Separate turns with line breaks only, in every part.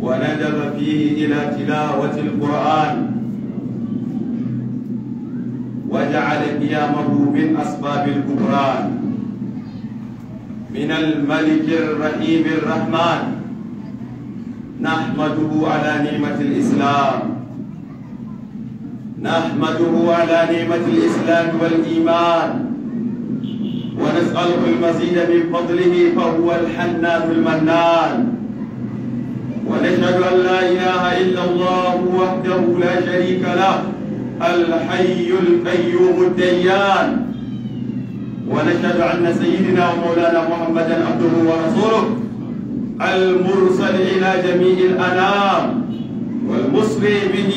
وندب فيه إلى تلاوة القرآن وجعل قيامه من أسباب الكبران من الملك الرحيم الرحمن نحمده على نعمة الإسلام نحمده على نعمة الإسلام والإيمان ونسأله المزيد من فضله فهو الحنان المنان ونشهد أن لا إله إلا الله وحده لا شريك له الحي القيوم الديان ونشهد أن سيدنا ومولانا محمدا عبده ورسوله المرسل إلى جميع الأنام والمصري به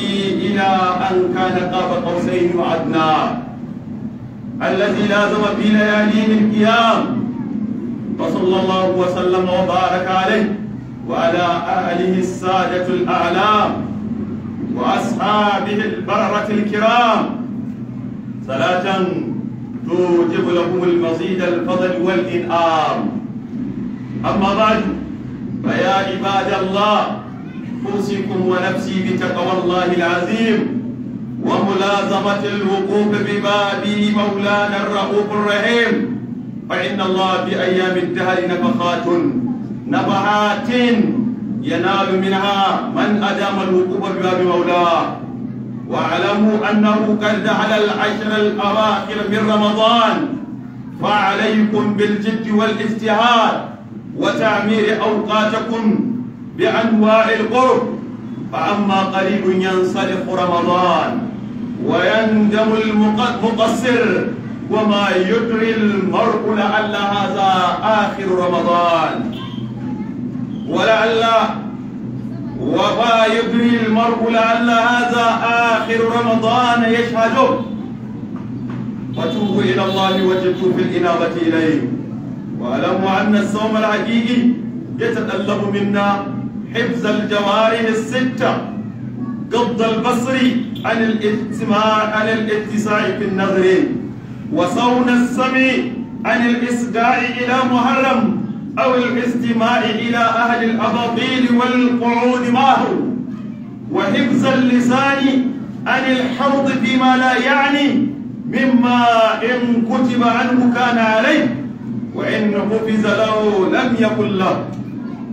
إلى أن كان قاب قوسين وعدنا الذي لازم في لياليه القيام وصلى الله وسلم وبارك عليه وعلى أهله السادة الأعلام وأصحابه البررة الكرام صلاة توجب لهم المزيد الفضل والإنعام أما بعد فيا عباد الله أوصيكم ونفسي بتقوى الله العظيم وملازمة الوقوف ببابه مولانا الرؤوف الرحيم فإن الله في أيام الدهر نفخات نبهات ينال منها من أدام الوقوف بباب مولاه واعلموا أنه قد دخل العشر الأواخر من رمضان فعليكم بالجد والاجتهاد وتعمير أوقاتكم بأنواع القرب فأما قريب ينصرف رمضان ويندم المقصر وما يدري المرء لعل هذا آخر رمضان ولعل وما يدري المرء لعل هذا آخر رمضان يشهده فتوبوا إلى الله وجدوا في الإنابة إليه واعلموا أن الصوم الحقيقي يتطلب منا حفظ الجوارح الستة قبض البصر عن الاتساع عن الاتساع في النظر وصون السمع عن الإسداع إلى محرم أو الاستماع إلى أهل الأباطيل والقعود معه وحفظ اللسان عن الحوض فيما لا يعني مما إن كتب عنه كان عليه وإن حفظ له لم يكن له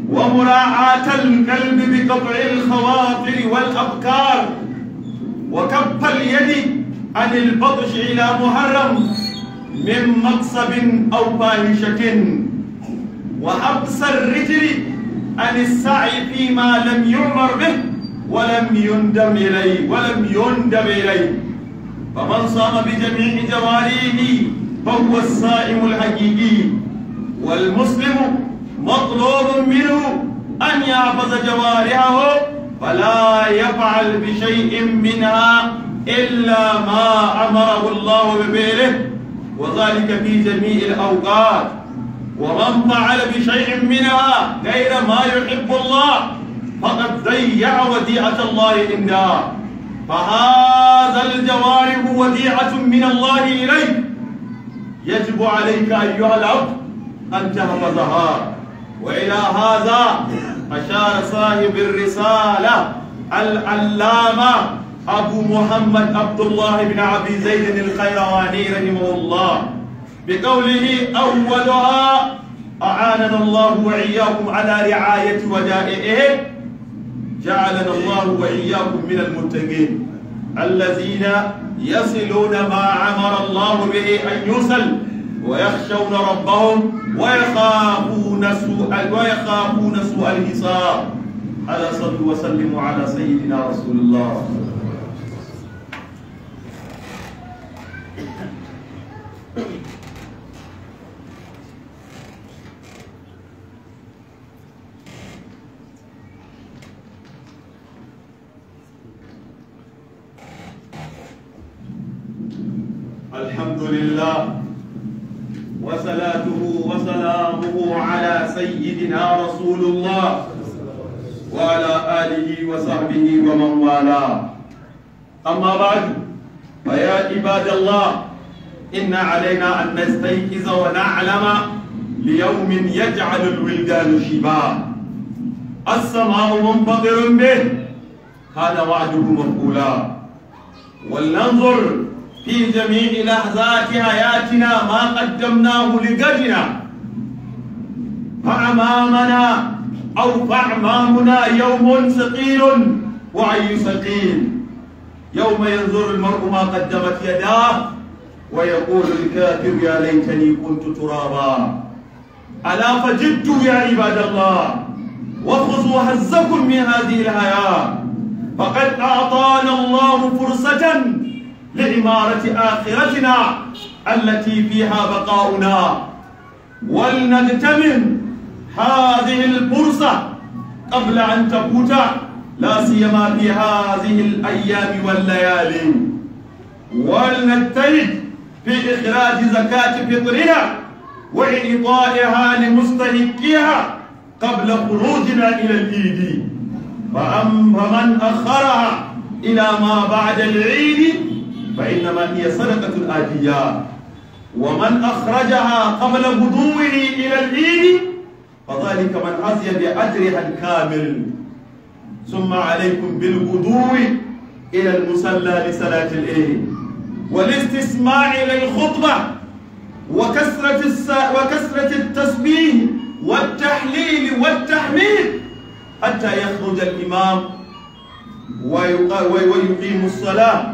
ومراعاة القلب بقطع الخواطر والأفكار وكف اليد عن البطش إلى محرم من مقصب أو فاحشة وحبس الرجل عن السعي فيما لم يؤمر به ولم يندم إليه ولم يندم إليه فمن صام بجميع جواريه فهو الصائم الحقيقي والمسلم مطلوب منه أن يحفظ جوارحه فلا يفعل بشيء منها إلا ما أمره الله بفعله وذلك في جميع الأوقات ومن فعل بشيء منها غير ما يحب الله فقد ضيع وديعة الله عندها فهذا الجوارب وديعة من الله إليك يجب عليك أيها العبد أن تحفظها وإلى هذا أشار صاحب الرسالة العلامة أبو محمد عبد الله بن أبي زيد الخيرواني رحمه الله بقوله أولها أعاننا الله وإياكم على رعاية ودائعهم جعلنا الله وإياكم من المتقين الذين يصلون ما أمر الله به أن يصل ويخشون ربهم ويخافون سوء ويخافون سوء الحساب ألا صلوا وسلموا على سيدنا رسول الله وعلى آله وصحبه ومن والاه أما بعد فيا عباد الله إن علينا أن نستيقظ ونعلم ليوم يجعل الولدان شبا السماء منفطر به هذا وعده مقولا ولننظر في جميع لحظات حياتنا ما قدمناه لغدنا فأمامنا أو طعمامنا يوم ثقيل وعي ثقيل يوم ينظر المرء ما قدمت يداه ويقول الكافر يا ليتني كنت ترابا ألا فجدت يا عباد الله وخذوا هزكم من هذه الحياة فقد أعطانا الله فرصة لعمارة آخرتنا التي فيها بقاؤنا ولنغتنم هذه الفرصة قبل أن تفوت لا سيما في هذه الأيام والليالي ولنجتهد في إخراج زكاة فطرنا وإعطائها لمستهلكيها قبل خروجنا إلى العيد فمن أخرها إلى ما بعد العيد فإنما هي صدقة آتية ومن أخرجها قبل غدوه إلى العيد فذلك من عزي بأجرها الكامل ثم عليكم بالغدو إلى المصلى لصلاة الإيه والاستسماع للخطبة وكسرة الس... وكسرة التسبيح والتحليل والتحميد حتى يخرج الإمام ويق... ويقيم الصلاة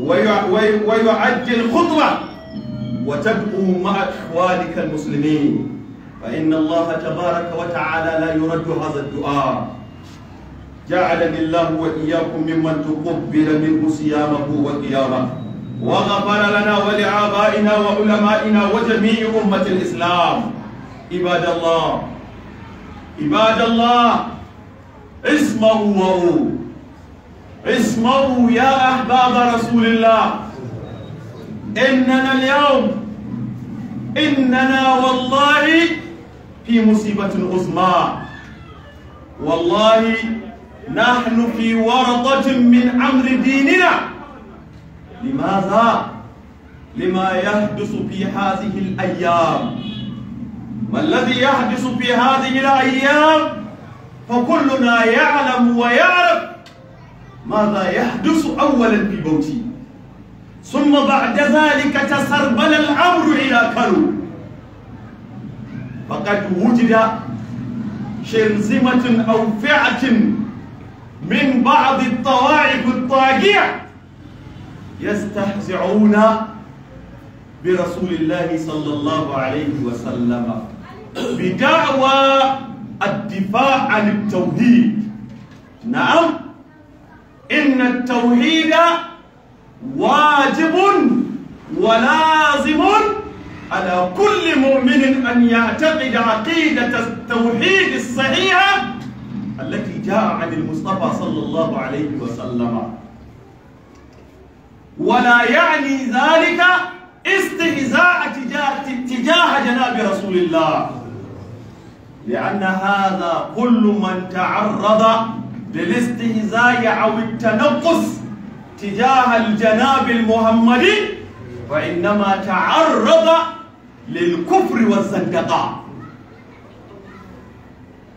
وي... وي... ويعد الخطبة وتبقوا مع إخوانك المسلمين فإن الله تبارك وتعالى لا يرد هذا الدعاء جعلني الله وإياكم ممن تقبل منه صيامه وقيامه وغفر لنا ولآبائنا وعلمائنا وجميع أمة الإسلام عباد الله عباد الله اسمعوا وهو اسمعوا يا أحباب رسول الله إننا اليوم إننا والله في مصيبة عظمى والله نحن في ورطة من أمر ديننا لماذا؟ لما يحدث في هذه الأيام ما الذي يحدث في هذه الأيام؟ فكلنا يعلم ويعرف ماذا يحدث أولا في بوتي ثم بعد ذلك تسربل الأمر إلى كرو فقد وجد شرذمة أو فئة من بعض الطوائف الطاغية يستهزعون برسول الله صلى الله عليه وسلم بدعوى الدفاع عن التوحيد نعم إن التوحيد واجب ولازم على كل مؤمن أن يعتقد عقيدة التوحيد الصحيحة التي جاء عن المصطفى صلى الله عليه وسلم ولا يعني ذلك استهزاء تجاه, جناب رسول الله لأن هذا كل من تعرض للاستهزاء أو التنقص تجاه الجناب المحمدي وإنما تعرض للكفر والزندقاء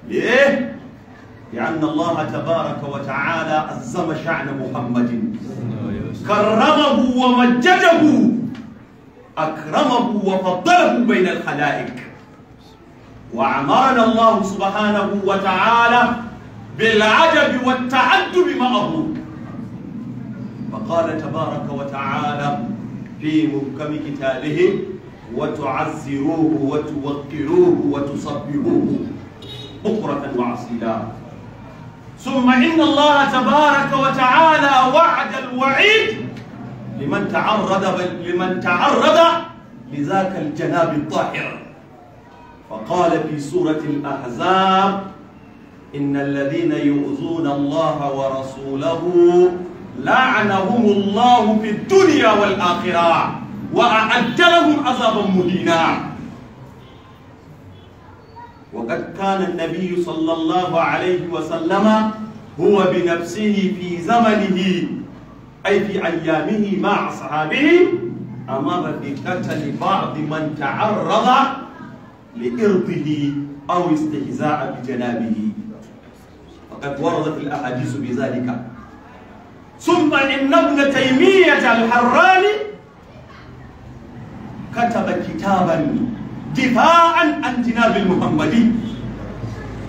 ليه؟ لأن الله تبارك وتعالى عزم شأن محمد كرمه ومجده أكرمه وفضله بين الخلائق وأمرنا الله سبحانه وتعالى بالعجب والتعجب معه فقال تبارك وتعالى في محكم كتابه وتعزروه وتوقروه وتصبروه بكرة وعصيلا ثم إن الله تبارك وتعالى وعد الوعيد لمن تعرض لمن تعرض لذاك الجناب الطاهر فقال في سورة الأحزاب إن الذين يؤذون الله ورسوله لعنهم الله في الدنيا والآخرة وأعد لهم عذابا مهينا وقد كان النبي صلى الله عليه وسلم هو بنفسه في زمنه أي في أيامه مع أصحابه أمر بقتل بعض من تعرض لإرضه أو استهزاء بجنابه وقد وردت الأحاديث بذلك ثم إن ابن تيمية الحراني كتب كتابا دفاعا عن جناب المحمدي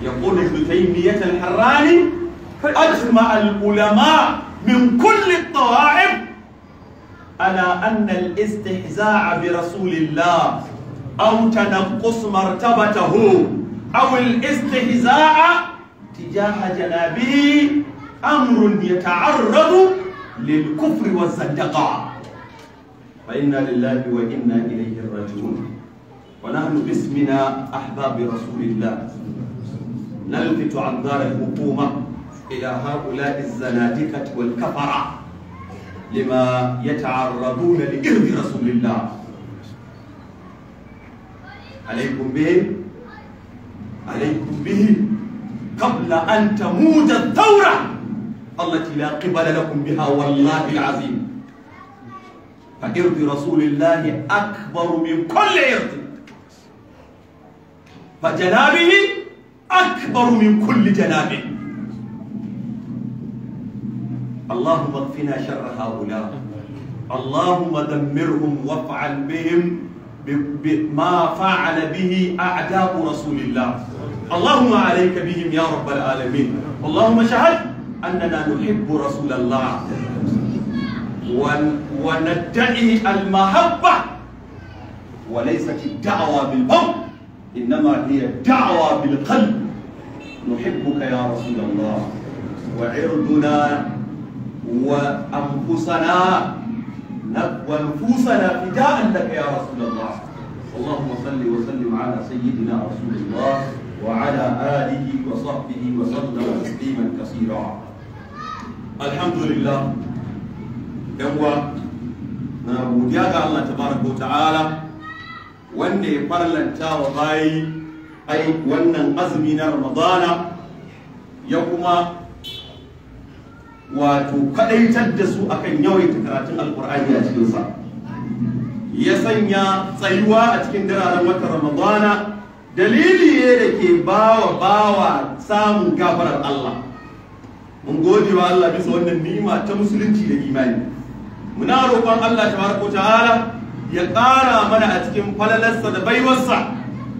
يقول ابن تيمية الحراني أجمع العلماء من كل الطوائف على أن الاستهزاء برسول الله أو تنقص مرتبته أو الاستهزاء تجاه جنابه أمر يتعرض للكفر والزندقة فإنا لله وإنا إليه راجعون ونحن باسمنا أحباب رسول الله نلفت عن دار الحكومة إلى هؤلاء الزنادقة والكفرة لما يتعرضون لإرض رسول الله عليكم به عليكم به قبل أن تموت الثورة التي لا قبل لكم بها والله العظيم فإرض رسول الله أكبر من كل إرض فجنابه أكبر من كل جنابه اللهم اغفنا شر هؤلاء اللهم دمرهم وافعل بهم بما فعل به أعداء رسول الله اللهم عليك بهم يا رب العالمين اللهم شهد أننا نحب رسول الله وندعي المحبة وليست الدعوة بالبول إنما هي الدعوة بالقلب نحبك يا رسول الله وعرضنا وأنفسنا ونفوسنا فداء لك يا رسول الله اللهم صل وسلم على سيدنا رسول الله وعلى آله وصحبه وسلم تسليما كثيرا الحمد لله yan na godiya ga Allah tabaraka wa ta'ala wanda ya farlanta wa bayi ai wannan azumi na ramadana ya kuma wato kadaitar da su akan yawaita karatun alkur'ani a cikinsa ya sanya tsayuwa a cikin dararen watan ramadana dalili ne da ke bawa bawa samun gafarar Allah mun gode wa Allah bisa wannan ni'ima ta musulunci da imani muna roƙon Allah tabaraka ta'ala ya ƙara mana a cikin falalarsa da baiwarsa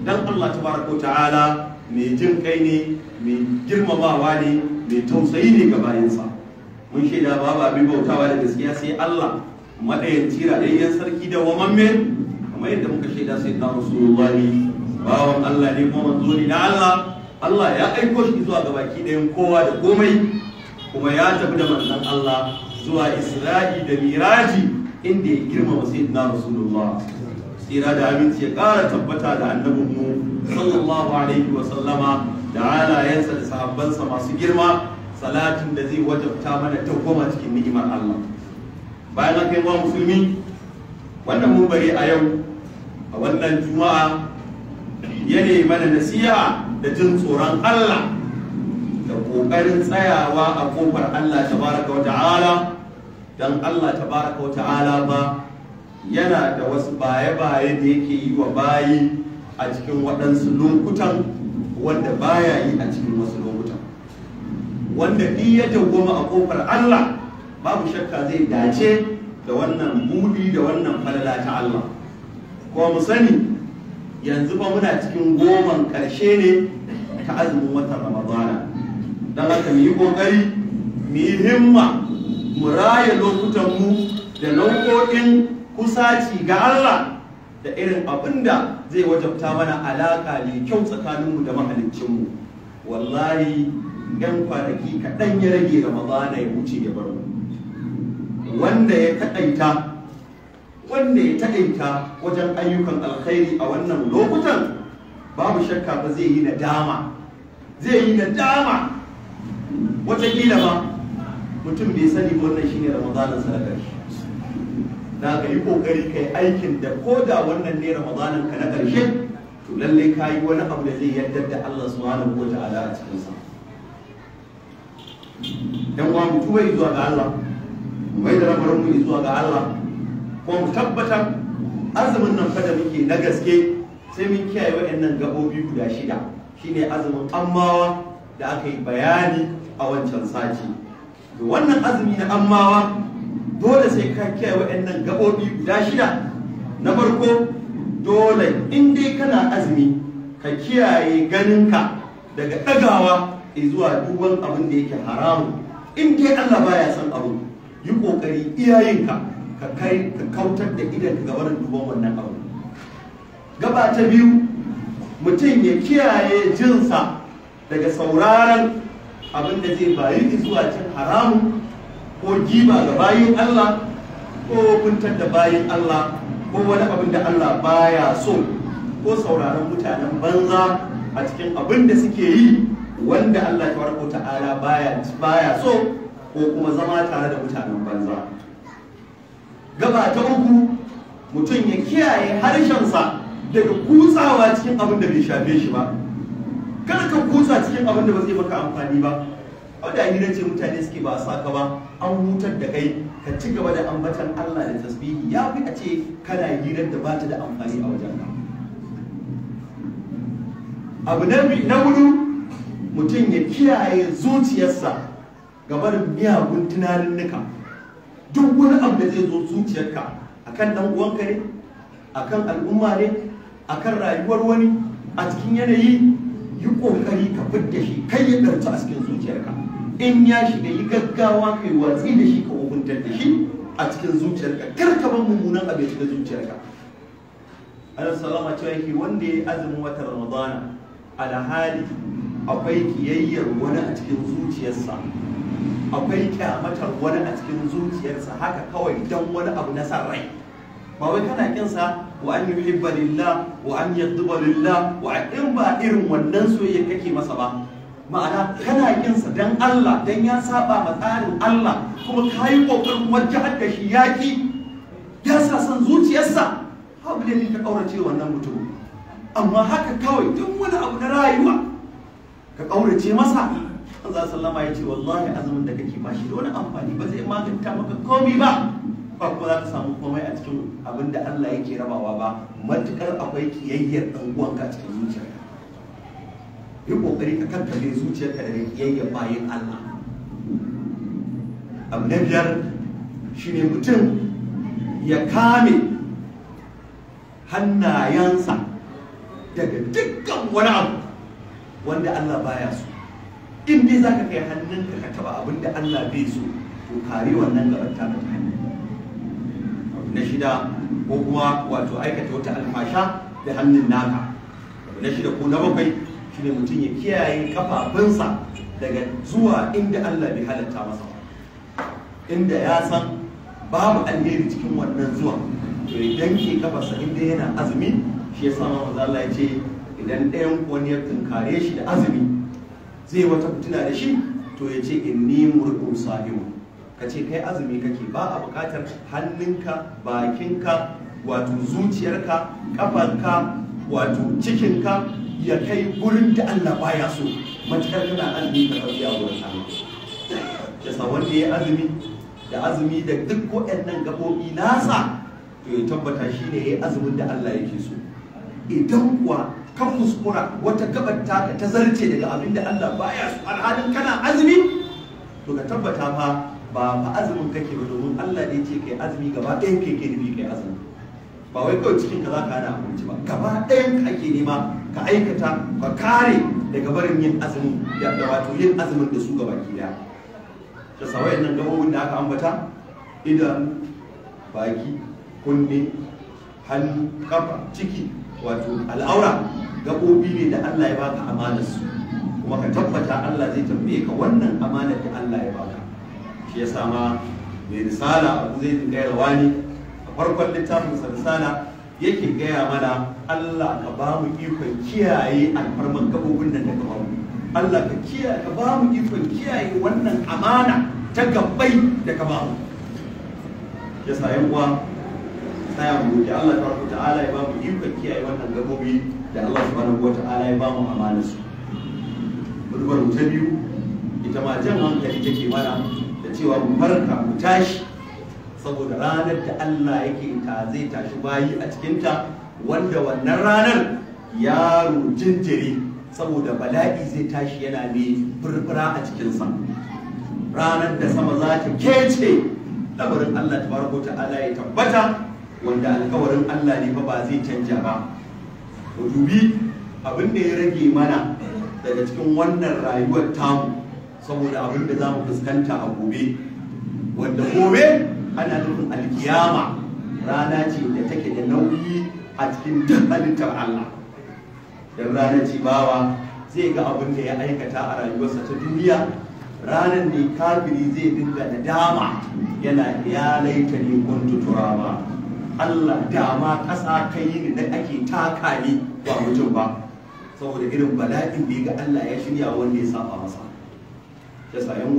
dan Allah tabaraka ta'ala mai jin kai ne mai girmamawa ne mai tausayi ne ga bayansa mun shaida babu abin bautawa da gaskiya sai Allah madayanci rayayyen sarki da wamamme kamar yadda muka shaida sai da rasulullahi bawan Allah ne kuma manzo ne na Allah Allah ya aiko shi zuwa ga baki ɗayan kowa da komai kuma ya tafi da manzon Allah zuwa isra'i da miraji inda ya girmama sayyidina rasulullah tsira da aminci ya ƙara tabbata da annabinmu sallallahu alaihi wa sallama da halayensa da sahabbansa masu girma salatin da zai wajabta mana ta goma cikin ni'imar Allah bayan haka yawa musulmi wannan mun bari a yau a wannan juma'a ya mana nasiha da jin tsoron Allah da ƙoƙarin tsayawa a ƙofar Allah tabaraka wa ta'ala dan Allah tabaraka wa ta'ala ba yana da wasu baye-baye da yake yi wa bayi a cikin waɗansu lokutan wanda baya yi a cikin wasu lokutan wanda in ya goma a ƙofar Allah babu shakka zai dace da wannan buɗi da wannan falala ta Allah ko mu sani yanzu ba muna cikin goman ƙarshe ne ta azumin watan Ramadana don haka mu yi kokari mu yi himma mu raya lokutanmu da nau'o'in kusaci ga Allah da irin abin da zai wajabta mana alaƙa mai kyau tsakaninmu da mahalicinmu wallahi yan kwanaki kaɗan ya rage ramadana ya wuce ya bar wanda ya taƙaita wanda ya taɗaita wajen ayyukan alkhairi a wannan lokutan babu shakka ba zai yi dama zai yi dama wataƙila ba mutum bai sani wannan shine ramadanin sa shi na ka yi kokari kai aikin da ko da wannan ne ramadanin ka na ƙarshe to lallai ka yi wani abu da zai yarda da Allah subhanahu wa ta'ala a cikin sa dan wa mutuwa zuwa ga Allah Wai da rabarin mu zuwa ga Allah ko mu tabbatar azumin nan fa da muke na gaske sai mun kiyaye waɗannan gabobi guda shida shine azumin amma da aka yi bayani a wancan sati da wannan azumi na ammawa dole sai ka kiyaye waɗannan gaɓoɓi guda shida na farko dole in dai kana azumi ka kiyaye ganinka daga ɗagawa zuwa duban abin da yake haramu in dai Allah baya son abu yi ƙoƙari iyayenka ka kai ka kautar da idan ka gabarin duban wannan abu gaba ta biyu mutum ya kiyaye jinsa daga sauraron abin da zai bayi zuwa cin haramun ko giba ga bayin Allah ko kuntar da bayin Allah ko wani abin da Allah baya so ko sauraron mutanen banza a cikin abin da suke yi wanda Allah warko ta'ala baya baya so ko kuma zama tare da mutanen banza gaba ta uku mutum ya kiyaye harshen sa daga kutsawa cikin abin da bai shafe shi ba kada ka kusa cikin abin da ba zai maka amfani ba wanda ni ce mutane suke ba sa ka ba an hutar da kai ka ci gaba da ambatan Allah da tasbihi ya fi a ce kana hirar da ba ta da amfani a wajen ka abu na na hudu mutum ya kiyaye zuciyarsa gabar miyagun tunaninnika duk wani abu da zai zo zuciyarka akan dan uwanka ne akan al'umma ne akan rayuwar wani a cikin yanayi yi kokari ka fidda shi kai ya ɗarci a cikin zuciyarka in ya shiga yi gaggawa ka yi watsi da shi ka hukuntar da shi a cikin zuciyarka kar ka bar mummunan abin da zuciyarka Allah salama cewa yake wanda ya yi azumin watan Ramadana alhali akwai kiyayyar wani a cikin zuciyarsa akwai kyamatar wani a cikin zuciyarsa haka kawai don wani abu na san rai ba wai kana kin sa wa an yuhibba lillah wa an yadhba lillah wa in ba irin wannan soyayya kake masa ba ma'ana kana kin sa dan Allah dan ya saba ma tsarin Allah kuma kai kokarin wajahar da shi yaki ya sa san zuciyarsa babu ne ka kaurace wannan mutum amma haka kawai duk wani abu na rayuwa ka kaurace masa Allah sallama ya ce wallahi azumin da kake ba shi da wani amfani ba zai maganta maka komai ba ba za ka samu komai a cikin abin da Allah yake rabawa ba matukar akwai kiyayyar ɗan uwanka cikin zuciyarka yi kokari ka kankare zuciyarka da kiyayyar bayan Allah abu na biyar shi ne mutum ya kame hannayensa daga dukkan wani abu wanda Allah baya so in dai ka kai hannunka ka taba abin da Allah bai so to kare wannan gaban ta hannu na shida ko kuma wato aikata wata alfasha da hannun naka na shida ko na bakwai shine mutum ya kiyaye kafafunsa daga zuwa inda Allah bai halatta masa inda ya san babu alheri cikin wannan zuwa to idan ke kafarsa inda yana azumi shi yasa ma maza Allah ya ce idan ɗayan wani ya tunkare shi da azumi zai wata fitina da shi to ya ce inni murqum sahimu ka ce kai azumi kake ba a buƙatar hannunka bakinka wato zuciyarka kafanka wato cikinka ya kai gurin da Allah baya so matukar kana azumi ka kafi a wurin sabon wanda ya azumi da azumi da duk waɗannan gabobi nasa to ya tabbata shi ne ya azumin da Allah yake so idan kuwa kan muskura wata gabar taka ta zarce daga abin da Allah baya so alhalin kana azumi to ka tabbata fa ba fa azumin kake ba domin Allah ne ce kai azumi gaba ɗayan kai ke nemi kai azumi ba wai kawai cikin ka za ka hana abinci ba gaba ɗayan ka ake nema ka aikata ka kare daga barin yin azumin da wato yin azumin da su gaba ɗaya daya da sawayen nan gabobin da aka ambata idan baki kunne hannu kafa ciki wato al'aura gabobi ne da Allah ya baka amanar su kuma ka tabbata Allah zai tambaye ka wannan amanar da Allah ya baka shi ya sama mai risala abu zai dinga yarwa ne a farkon littafin sa risala yake gaya mana Allah ka ba mu ikon kiyaye alfarman gabobin nan da ta ba mu Allah ka kiyaye ka ba mu ikon kiyaye wannan amana ta gabbai da ka ba mu ya sa yan uwa ya mu da Allah tabaraka ta'ala ya ba mu ikon kiyaye wannan gabobi da Allah subhanahu wata'ala ya ba mu amanar su. Rubar ta biyu ita ma jan hankali take mana cewa mu farka mu tashi saboda ranar da Allah yake ta zai tashi bayi a cikinta wanda wannan ranar yaro jinjiri saboda bala'i zai tashi yana mai furfura a cikinsa ranar da sama za ta kece labarin Allah ta ta ta'ala ya tabbata wanda alkawarin Allah ne fa ba zai canja ba ku dubi abin da ya rage mana daga cikin wannan rayuwar tamu saboda abin da za mu fuskanta a gobe wanda gobe ana nufin alkiyama rana ce da take da nauyi a cikin duk Allah dan rana ce bawa zai ga abin da ya aikata a rayuwarsa ta duniya ranar ne kafiri zai dinga da dama yana ya laita ne kuntu turaba Allah dama ƙasa kai ne da ake taka ne ba mutum ba saboda irin bala'in da ga Allah ya shirya wanda ya saba masa ya sa yan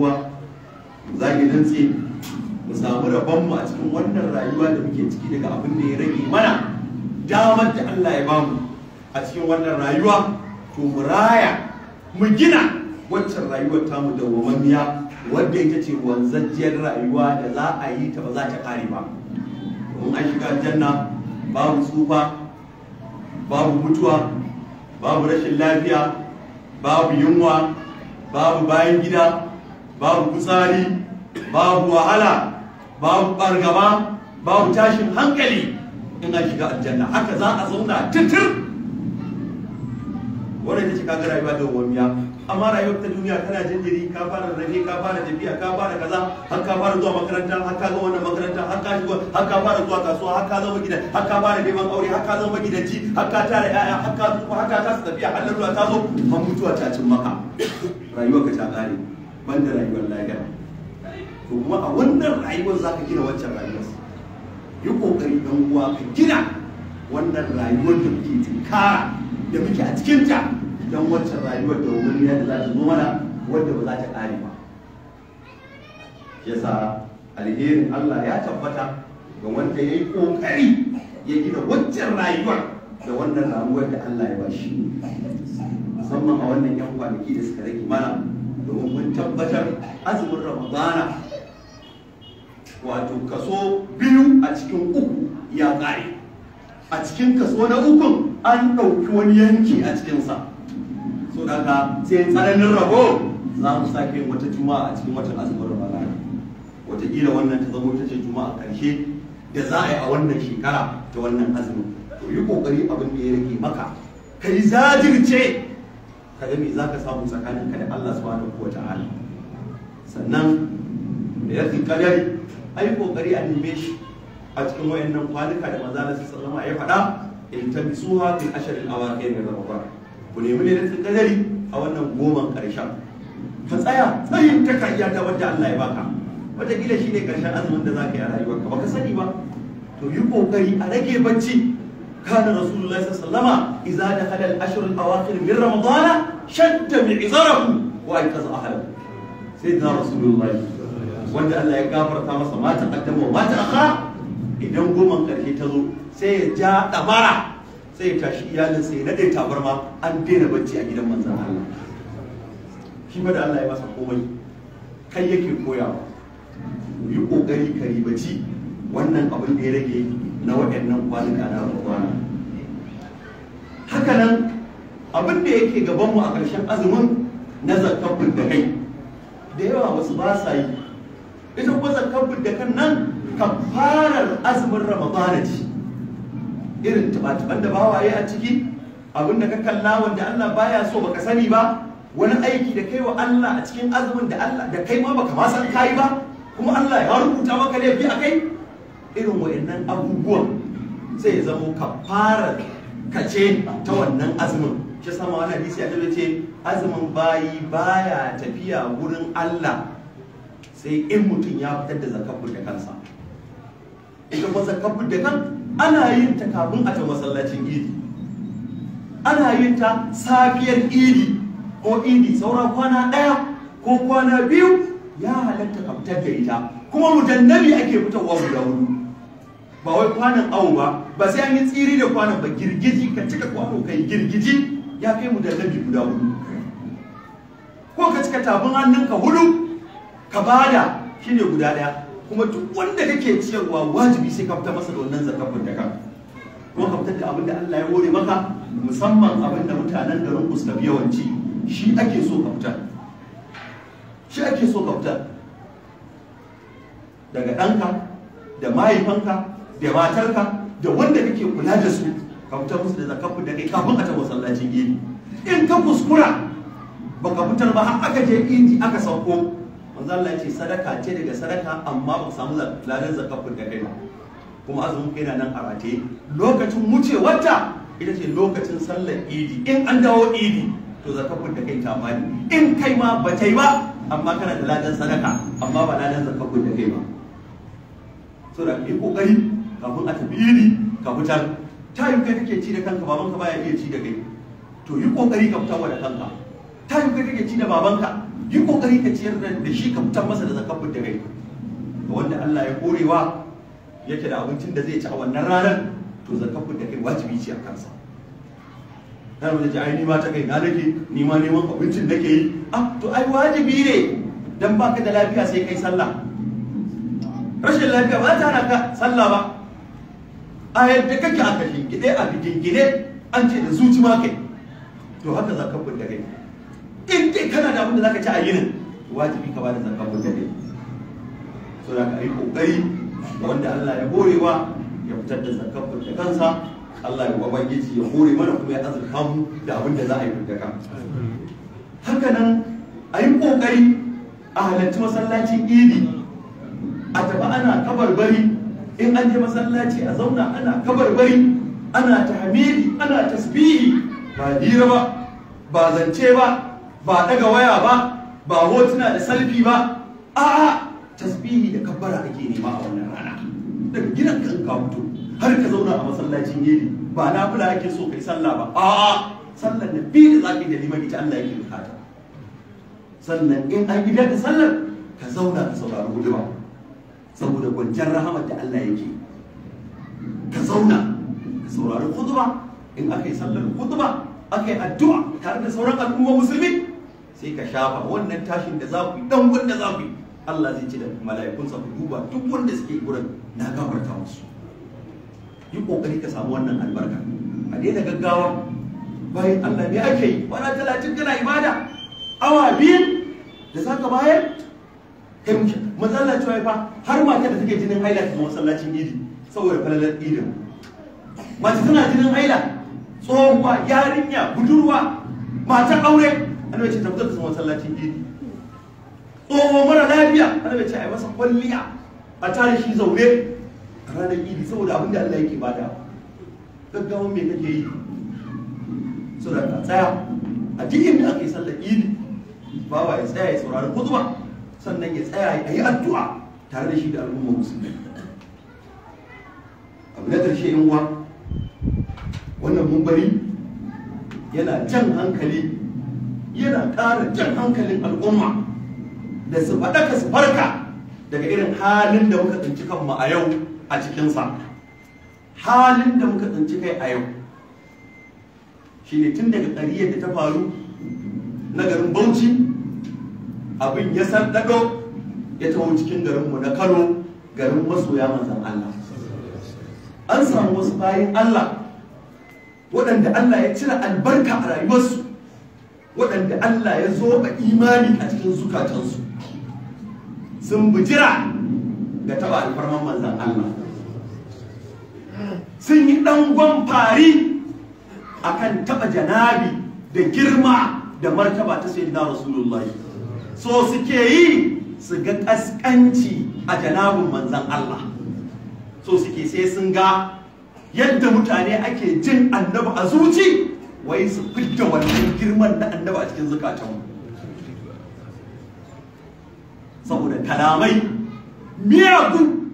za ki dantse mu samu rabon mu a cikin wannan rayuwa da muke ciki daga abin da ya rage mana damar da Allah ya bamu a cikin wannan rayuwa to mu raya mu gina waccan rayuwar tamu da wamammiya wanda ita ce wanzajjiyar rayuwa da za a yi ta ba za ta kare ba domin an shiga janna babu tsufa babu mutuwa babu rashin lafiya babu yunwa babu bayan gida babu kusari babu wahala babu bargaba babu tashin hankali in shiga aljanna haka za a zauna titir wannan ita ce kaga rayuwa da wamiya amma rayuwar ta duniya tana jinjiri ka fara rage ka fara tafiya ka fara kaza har ka fara zuwa makaranta har ka ga wannan makaranta har ka shigo har ka fara zuwa kasuwa har ka zama gida har ka fara neman aure har ka zama gidanci har ka tara yaya har ka tsufa har ka kasa tafiya har lalura ta zo har mutuwa ta cin maka rayuwarka ta ƙare banda rayuwar lahira to kuma a wannan rayuwar za ka gina wancan rayuwar yi ƙoƙari ɗan uwa ka gina wannan rayuwar da muke tinka da muke a cikinta don wancan rayuwar da wani da za ta zo mana wanda ba za ta ƙare ba yasa alherin Allah ya tabbata ga wanda ya yi ƙoƙari ya gina wancan rayuwar da wannan ramuwar da Allah ya bashi musamman a wannan yan kwanaki da suka rage mana domin mun tabbatar azumin ramadana wato kaso biyu a cikin uku ya kare. a cikin kaso na ukun an ɗauki wani yanki a cikinsa so daga sai tsananin rabo za mu sake wata juma'a a cikin watan azumin ramadana wataƙila wannan ta zama wata ce juma'a ƙarshe da za a yi a wannan shekara ta wannan azumin to yi kokari abin da ya rage maka ka yi zajirce ka ga me za ka samu tsakaninka da Allah subhanahu wa ta'ala sannan da ya kadari ai kokari a nime shi a cikin wayannan kwanuka da maza na sallam ya faɗa in tabisuha fil ashr al awakhir min ramadan ku nemi ne da kadari a wannan goman karshen ka tsaya tsayin ta kariya ta wadda Allah ya baka wata shi shine karshen azumin da zaka yi a rayuwarka baka sani ba to yi kokari a rage bacci kana rasulullahi sallama idza dakhala al-ashr al-awakhir min ramadana shadda mi'zarahu wa aykaza ahlahu sayyidina rasulullahi wanda Allah ya gafarta masa ma ta kaddama ma ta idan goman karshe ta zo sai ya ja dabara sai ya tashi iyalin sai ya nade tabarma an daina bacci a gidan manzon Allah shi ma da Allah ya masa komai kai yake koya. yi kokari ka ribaci wannan abin da ya rage na waɗannan kwanuka na Haka hakanan abin da yake gabanmu a ƙarshen azumin na zakar da kai da yawa wasu ba sa yi ita kuma da kan nan kafarar azumin ramadana ce irin tuba da yi a ciki abin da ka kalla wanda Allah baya so baka sani ba wani aiki da kai wa Allah a cikin azumin da Allah da kai ma baka ma san kai ba kuma Allah ya rubuta maka laifi a kai irin wayannan abubuwan sai zamo ka fara kace ta wannan azumin shi sama wani hadisi ya tabbata ce azumin bayi baya tafiya wurin Allah sai in mutum ya fitar da zakar da kansa ita ba zakar da kan ana yin ta kafin a ta masallacin idi ana yin ta safiyar idi ko idi saura kwana ɗaya ko kwana biyu ya halatta ka da ita kuma mudannabi ake fitarwa guda hudu ba wai kwanan awo ba ba sai an yi tsiri da kwanan ba girgiji ka cika kwano kai girgiji ya kai mu da labi guda hudu ko ka cika tabin hannunka hudu ka bada shine guda daya kuma duk wanda kake ciyarwa wajibi sai ka fita masa da wannan zakafin da ka kuma ka fitar da abin da Allah ya hore maka musamman abin da mutanen garin ku suka yawanci shi ake so ka fita shi ake so ka fita daga danka da mahaifanka da matarka da wanda kake kula da su ka fitar musu da zakafu da kai kafin a ta masallacin idi in ka kuskura ka fitar ba har aka je inji aka sauko manzo Allah ce sadaka ce daga sadaka amma ba samu ladan zakafu da kai ba kuma azumin kai na nan a rate lokacin wucewarta ita ce lokacin sallar idi in an dawo idi to zakafu da kai ta bani in kai ma ba ta yi ba amma kana da ladan sadaka amma ba ladan zakafu da kai ba so da kai kokari kafin a tafi iri ka fitar ta yi kai kake ci da kanka babanka baya iya ci da kai to yi kokari ka fitar da kanka ta yi kai kake ci da babanka yi kokari ka ciyar da shi ka fitar masa da zakar da kai ga wanda Allah ya korewa yake da abincin da zai ci a wannan ranar to zakar da kai wajibi ce a kansa har wanda ai ni ma ta kai na nake ni ma neman abincin nake yi ah to ai wajibi ne dan baka da lafiya sai kai sallah rashin lafiya ba ta hana ka sallah ba a yadda kake aka shingide a bigingine an ce da zuci ma kai to haka za ka da kai in kai kana da abin da za ka ci a yinin wajibi ka bada zakka da kai so da ka yi kokari wanda Allah ya horewa ya fitar da zakka da kansa Allah ya ubangiji ya hore mana kuma ya azurta mu da abin da za a yi ka haka nan a yi kokari a halarci masallacin idi a taba ana kabarbari in an je masallaci a zauna ana kabarbari ana tahmidi ana tasbihi ba dira ba ba zance ba ba daga waya ba ba hotuna da salfi ba a'a tasbihi da kabbara ake nema a wannan rana daga gidan kan ka har ka zauna a masallacin yeri ba na fula ake so kai sallah ba a'a sallar da biyu da zaka da liman ita Allah yake bukata sannan in an gida da sallar ka zauna ka saurari guduma. saboda gwanjar rahamar da Allah yake ka zauna ka saurari kutuba in aka yi sallar kutuba aka yi addu'a tare da sauran al'umma musulmi sai ka shafa wannan tashin da za ku yi dan wanda za ku yi Allah zai ce da mala'ikunsa ku duba duk wanda suke gurin na gafarta musu yi kokari ka samu wannan albarka a daina gaggawa bayan Allah ne ake yi kwana talatin kana ibada awa biyu da za ka bayar kai mu masallaci cewa fa har mace da take jinin haila ta masallacin idi saboda falalar idin mace tana jinin haila tsohuwa yarinya budurwa matan aure annabi ce ta fita ta masallacin idi tsoho mara lafiya annabi ce yi masa kwalliya a tare shi zaune ranar idi saboda abin da Allah yake bada gaggawan me kake yi saboda ka tsaya a duk da aka yi sallar idi bawa ya tsaya ya saurari kutuba sannan ya tsaya ya yi addu'a tare da shi da al'ummar musulmi abu na ƙarshe yin uwa wannan mumbari yana jan hankali yana ƙara jan hankalin al'umma da su faɗaka su farka daga irin halin da muka tsinci kanmu a yau a cikinsa halin da muka tsinci kai a yau shine tun daga ƙariyar da ta faru na garin bauchi abin ya san dago ya taho cikin garinmu na kano garin masoya manzan Allah an samu wasu bayan Allah waɗanda Allah ya cire albarka a rayuwarsu waɗanda Allah ya zo imani a cikin zukatansu sun bujira ga taba alfarman manzan Allah sun yi ɗangon fari akan taɓa janabi da girma da martaba ta na rasulullahi so suke yi su ga ƙasƙanci a janabin manzan Allah so suke sai sun ga yadda mutane ake jin annaba a zuci wai su fidda wannan girman na annaba a cikin zukatanmu saboda kalamai miyagu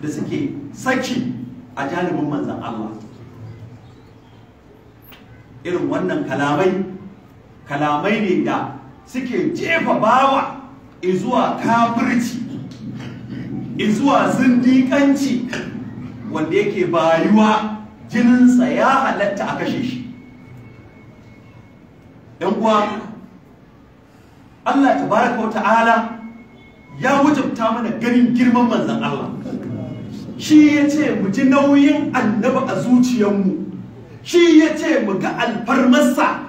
da suke saki a janibin manzan Allah irin wannan kalamai kalamai ne da suke jefa bawa izuwa kafirci izuwa zindiƙanci wanda yake bayuwa jininsa ya halatta a kashe shi don kuwa Allah tabaraka wa ta'ala ya wujabta mana ganin girman manzan Allah shi ya ce mu ji nauyin annaba a zuciyarmu shi ya ce mu ga alfarmarsa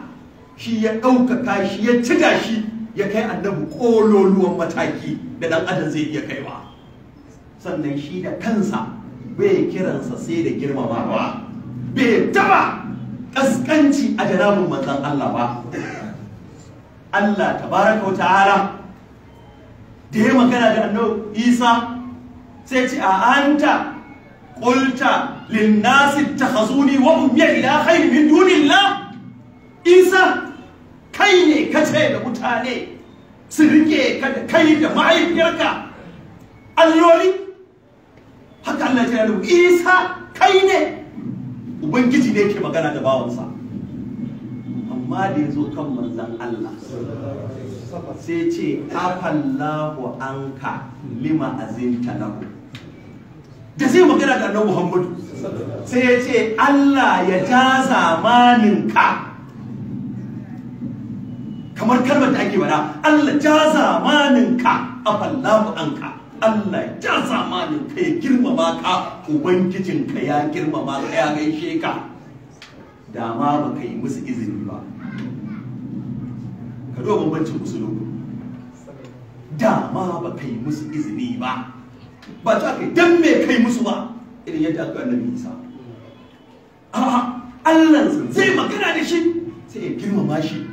shi ya ɗaukaka shi ya ci shi ya kai annabi ƙololuwan mataki da ɗan adam zai iya kaiwa sannan shi da kansa bai kiransa sai da ba. bai taba ƙasƙanci a janabin manzan Allah ba Allah tabaraka wa ta'ala da ya magana da annabi Isa sai ce a anta ƙulta linnasi ta takhazuni wa ummi ila khayr min dunillah Isa kai ne ka ce da mutane su rike ka da kai da mahaifiyarka alloli haka Allah ya da Isa kai ne ubangiji ne ke magana da bawansa amma da ya zo kan manzan Allah sai ce afallahu anka lima azinta lahu da zai magana da annabi Muhammadu sai ya ce Allah ya ja ka." kamar kalmar da ake bada Allah ja zamaninka afallahu anka Allah ja zamaninka ya girmama ka ubangijinka ya girmama ka ya gaishe ka da ma baka yi musu izini ba ka duba bambancin musu lokacin da ma baka yi musu izini ba ba ta kai dan me kai musu ba irin yadda aka annabi Isa a'a Allah zai magana da shi sai ya girmama shi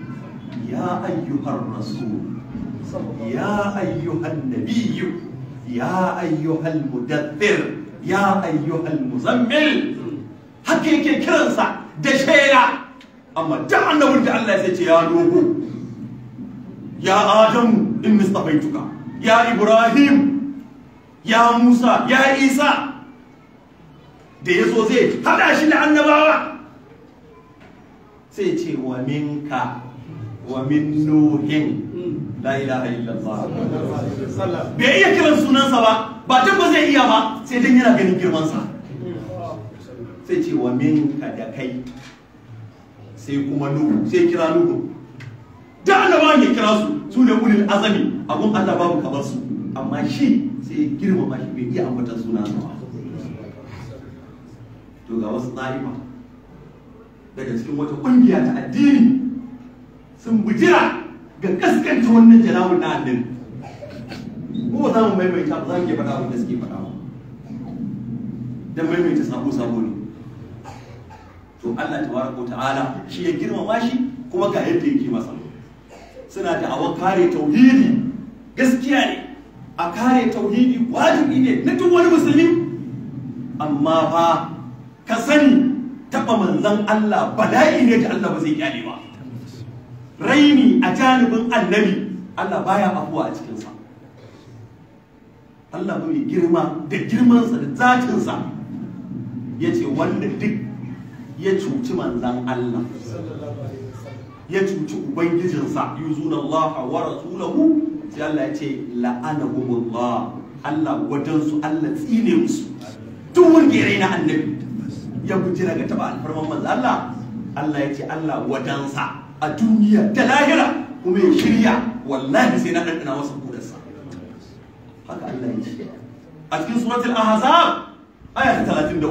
ya ayyuhar Rasu, ya ayyuhar Nabiyu, ya ayyuhar mudaththir ya ayyuhar muzammil haka yake kiransa da shaida amma duk annabin da Allah ya ce ya dogo ya adamu in mustafaituka ya ibrahim ya musa ya isa da ya so zai hada shi da annabawa sai ce wa minka wa min nuhin la ilaha illallah bai iya kiran sunansa ba ba tan zai iya ba sai dan yana ganin girmansa sai ce wa da kai sai kuma nuhu sai kira nuhu da annabawan ya kira su su ne ulil azami abun Allah babu kamar su amma shi sai girmama shi bai iya ambata sunansa ba to ga wasu tsarifa daga cikin wata kungiya ta addini sun bujira ga kaskanta wannan jalawun na annabi ko za mu maimaita ba za mu ke faɗa abin da suke faɗa ba dan maimaita sabo sabo ne to Allah tabaraka ta'ala shi ya girmama shi kuma ga yadda yake masa suna da awon kare tauhidi gaskiya ne a kare tauhidi wajibi ne na duk wani musulmi amma fa ka sani taɓa manzan Allah bala'i ne da Allah ba zai kyale ba raini a janibin annabi Allah baya abuwa a cikinsa Allah mai girma da girmansa da zatinsa ya ce wanda duk ya cuci manzan Allah ya cuci ubangijinsa yuzuna Allah a wa rasulahu sai Allah ya ce la'anahumullah Allah wadansu Allah tsine musu duk wanda ya na annabi ya guji daga taba alfarman manzan Allah Allah ya ce Allah wadansa a duniya da lahira kuma ya shirya wallahi sai na ɗanɗana masa budarsa haka Allah ya ce a cikin suratul ahzab aya ta 33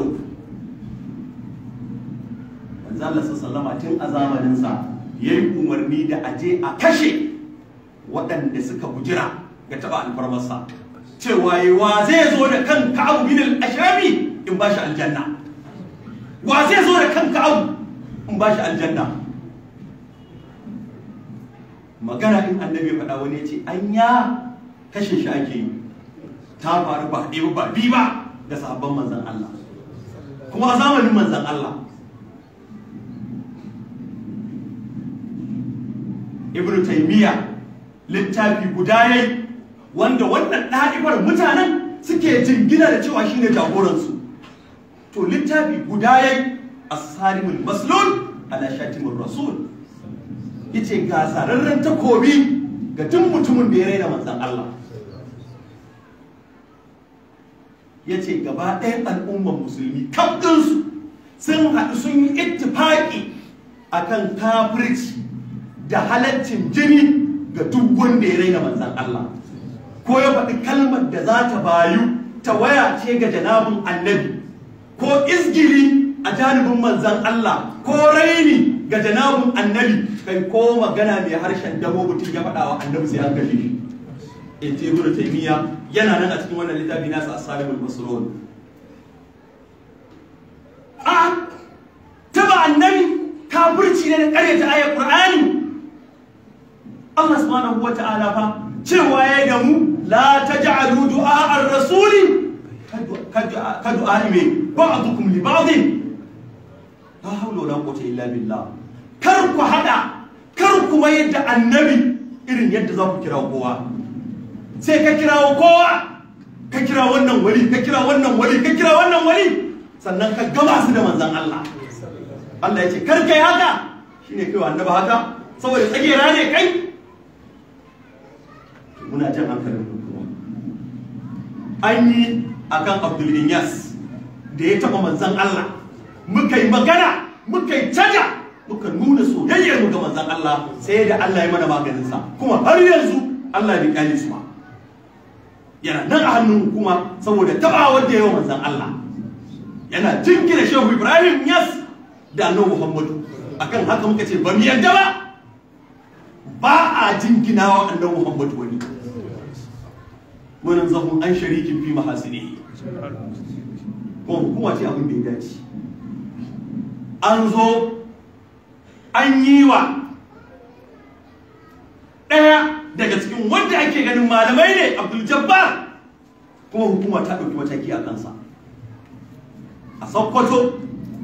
manzo Allah sallama tun a zamanin sa yayi umarni da aje a kashe waɗanda suka bujira ga taba alfarmarsa cewa yi wa zai zo da kanka ka'abu bin al-ashami in shi aljanna wa zai zo da kan ka'abu in bashi aljanna magana in annabi faɗa wani ce anya kashin shi ake yi ta faru ba ɗaya ba biyu ba da sabon manzan Allah kuma a zamanin manzan Allah ibnu taimiyya littafi guda yayi wanda wannan ɗa'ibar mutanen suke jingina da cewa shine jagoransu to littafi guda yayi as-salimul maslul ala shatimur rasul yace gasararren takobi ga duk mutumin da ya raina manzan Allah yace gaba ɗayan al'ummar musulmi kaf sun haɗu sun yi ittifaki kan kafirci da halaccin jini ga duk wanda ya raina manzan Allah ko ya faɗi kalmar da za ta bayu ta waya ce ga janabin annabi ko izgiri a janibin manzan Allah ko raini ga janabun annabi kai ko magana mai harshen dabo mutum ya faɗawa wa annabi sai an kashe shi in ce ibnu taymiya yana nan a cikin wannan littafi nasa as-salimul masrur a taba annabi kafirci ne da karyata ayar qur'ani Allah subhanahu wa ta'ala fa cewa ya da mu la taj'alu du'a ar-rasuli ka du'a me ba'dukum li ba'din la hawla wala quwwata illa billah kar ku hada kar ku mayar da annabi irin yadda za ku kira kowa sai ka kirawo kowa ka kira wannan wali ka kira wannan wali ka kira wannan wali sannan ka gama su da manzan Allah Allah ya ce kar kai haka shine kai annabi haka saboda tsagera ne kai muna jan hankalin kuma an yi akan Abdul Inyas da ya taba manzan Allah muka yi magana muka yi caja muka nuna soyayyar mu ga manzon Allah sai da Allah ya mana maganin sa kuma har yanzu Allah bai kalli su ba yana nan a hannun hukuma saboda taba wanda yawa manzon Allah yana jinkira Shehu Ibrahim Yas da Annabi Muhammadu akan haka muka ce ba mu yarda ba ba a wa Annabi Muhammadu wani wannan zahun an shariki fi mahasini kuma hukuma ce abin da ya dace an zo an yi wa ɗaya daga cikin wanda ake ganin malamai ne abdul jabbar kuma hukuma ta ɗauki mataki a kansa a saukwato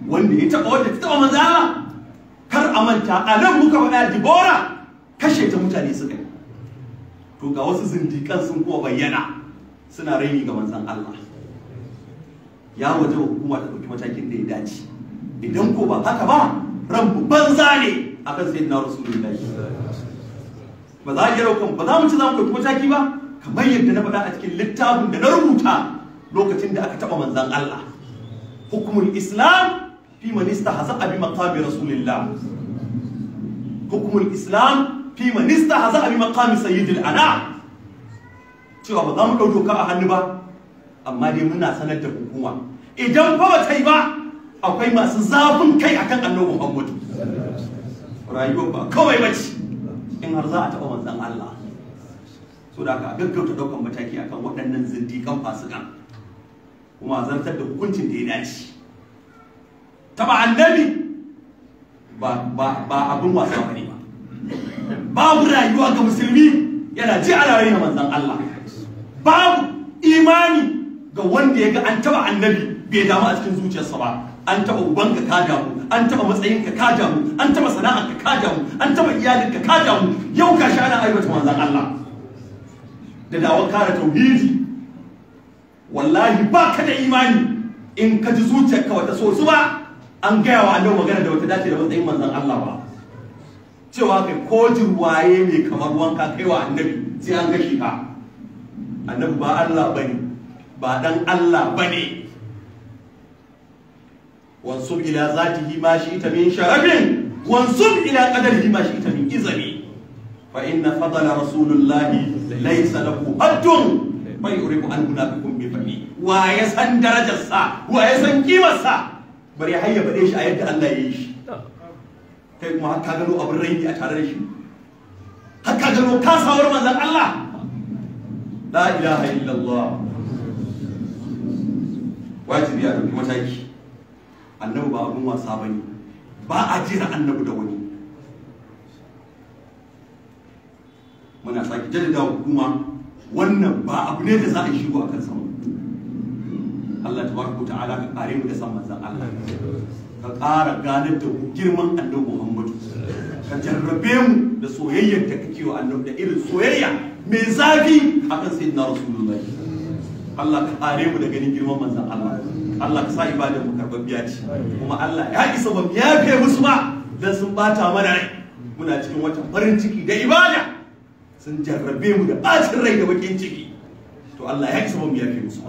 wanda ya taɓa wanda ta taɓa manzana kar a manta a nan muka faɗa dibora kashe ta mutane suka yi to ga wasu zindikan sun kuma bayyana suna raini ga manzan Allah ya waje hukuma ta ɗauki matakin da ya dace idan ko ba haka ba ranku banza ne akan sayyidina rasulullahi ba za a yi raukan ba za mu ci za mu ɗauki mataki ba kamar yadda na faɗa a cikin littafin da na rubuta lokacin da aka taɓa manzan Allah hukumul islam fi manista istahza abi maqami rasulillah hukumul islam fi manista istahza abi maqami sayyidil ana cewa ba za mu ɗau doka a hannu ba amma dai muna sanar da hukuma idan ba ba ta yi ba akwai masu zafin kai akan annabi Muhammad rayuwar ba kawai bace in har za a taba manzon Allah so da ka gaggauta ɗaukan mataki akan waɗannan zindikan fasikan kuma zartar da hukuncin da ya dace taɓa annabi ba abin wasa ba ba babu rayuwa ga musulmi yana ji a raina manzan Allah babu imani ga wanda ya ga an taba annabi bai damu a cikin zuciyarsa ba an taɓa ubanka ka mu an taɓa matsayin ka mu an taɓa sana'arka ka mu an taɓa iyalinka ka mu yau ka sha ana aibata manzon Allah da dawon kare tauhidi wallahi ba ka da imani in ka ji zuciyarka wata so su ba an gaya wa annabi magana da wata dace da matsayin manzon Allah ba cewa kai ko waye ne kamar wanka kai wa annabi sai an gashi ka annabi ba Allah bane ba dan Allah bane wansub ila zatihi ma shi shi'ta min sharafin wansub ila qadarihi ma shi shi'ta min izami fa inna fadala rasulillahi laysa lahu haddun bai uriku an munafiqun bi fami wa ya san darajarsa wa ya san kimarsa bari ya bade shi a yadda Allah ya yi shi kai kuma har ka gano abin raini a tare da shi har ka gano kasawar manzon Allah la ilaha illallah wajibi a ɗauki mataki annabi ba abin wasa ba ne ba a jera annabi da wani muna sake jaddada hukuma wannan ba abu ne da za a yi shigo a kan sama Allah ta baraka ta'ala ka ƙare mu da san manzon Allah ka ƙara ganar da girman annabi Muhammadu ka jarrabe mu da soyayyar da kake wa annabi da irin soyayya mai zafi a akan sayyidina Rasulullahi Allah ka ƙare mu da ganin girman manzan Allah Allah ka sa ibadar mu biya ce kuma Allah ya isa ba mu yafe musu ba dan sun bata mana rai muna cikin wata farin ciki da ibada sun jarrabe mu da bacin rai da bakin ciki to Allah ya isa ba mu yafe musu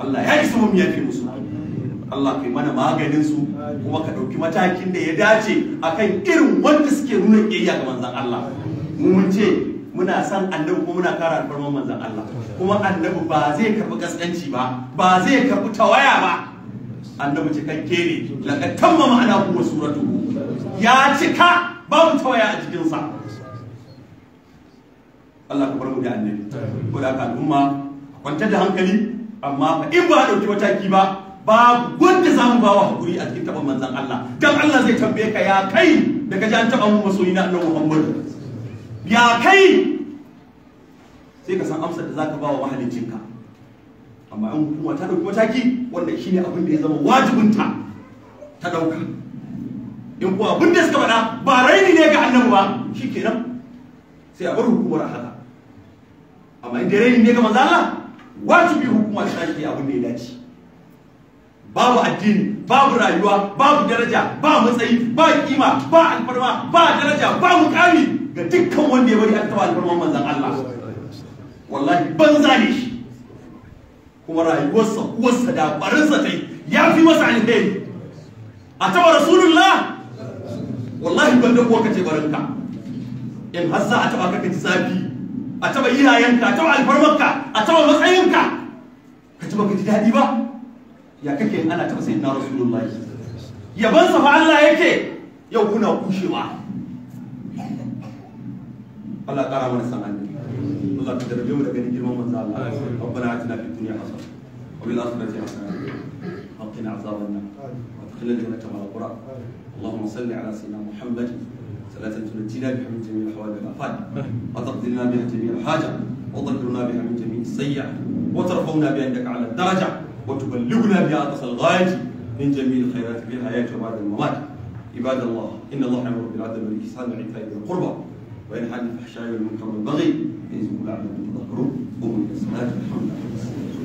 Allah ya isa ba mu yafe musu Allah kai mana maganin su kuma ka ɗauki matakin da ya dace akan irin wanda suke nuna ƙiyayya ga manzon Allah mun ce muna san annabi kuma muna kara alfarman manzon Allah kuma annabi ba zai karbi kaskanci ba ba zai karbi tawaya ba annabi cikakke ne laka tamma ma'ana huwa suratu ya cika babu tawaya a jikinsa. sa Allah ka bar mu da annabi ko da al'umma kwantar da hankali amma in ba dauki mataki ba Ba wanda za mu ba wa. hakuri a cikin taɓa manzan Allah dan Allah zai tambaye ka ya kai daga jan an mu masoyi na annabi Muhammad ya kai sai ka san amsar da zaka ba wa cinka. amma an hukuma ta dauki mataki wanda ne abin da ya zama wajibinta ta dauka in kuwa abin da suka faɗa ba raini ne ga annabi ba shi kenan sai a bar hukumar haka amma in da raini ne ga manzo Allah wajibi hukuma ta shi abin da ya dace babu addini babu rayuwa babu daraja ba matsayi ba kima ba alfarma ba daraja ba mukami ga dukkan wanda ya bari an taba alfarman manzon Allah wallahi banza ne shi kuma rayuwarsa uwarsa da barinsa ta yi ya fi masa alheri a taba rasulullah wallahi ban da kuwa kace barinka in har za a taba ka kaji zafi a taba iyayenka a taba alfarmarka a taba matsayinka ka taba ka ji daɗi ba ya kake in ana taba sayin na Ya yabansa fa Allah yake yau kuna kushewa Allah ƙara mana san الله قدر اليوم لك نجي من زال ربنا اتنا في الدنيا حسنه وفي الاخره حسنه وقنا عذاب النار وادخلنا الجنه مع القرى اللهم صل على سيدنا محمد صلاة تنجينا بها من جميع الحوادث والآفات وتقضي لنا بها جميع الحاجة وتذكرنا بها من جميع السيئة وترفعنا بها عندك على الدرجة وتبلغنا بها أقصى الغاية من جميع الخيرات في الحياة وبعد الممات عباد الله إن الله يأمر بالعدل والإحسان وإيتاء ذي القربى وينهى عن الفحشاء والمنكر والبغي حزب العمل المتضرر هم الاسماء الحمد لله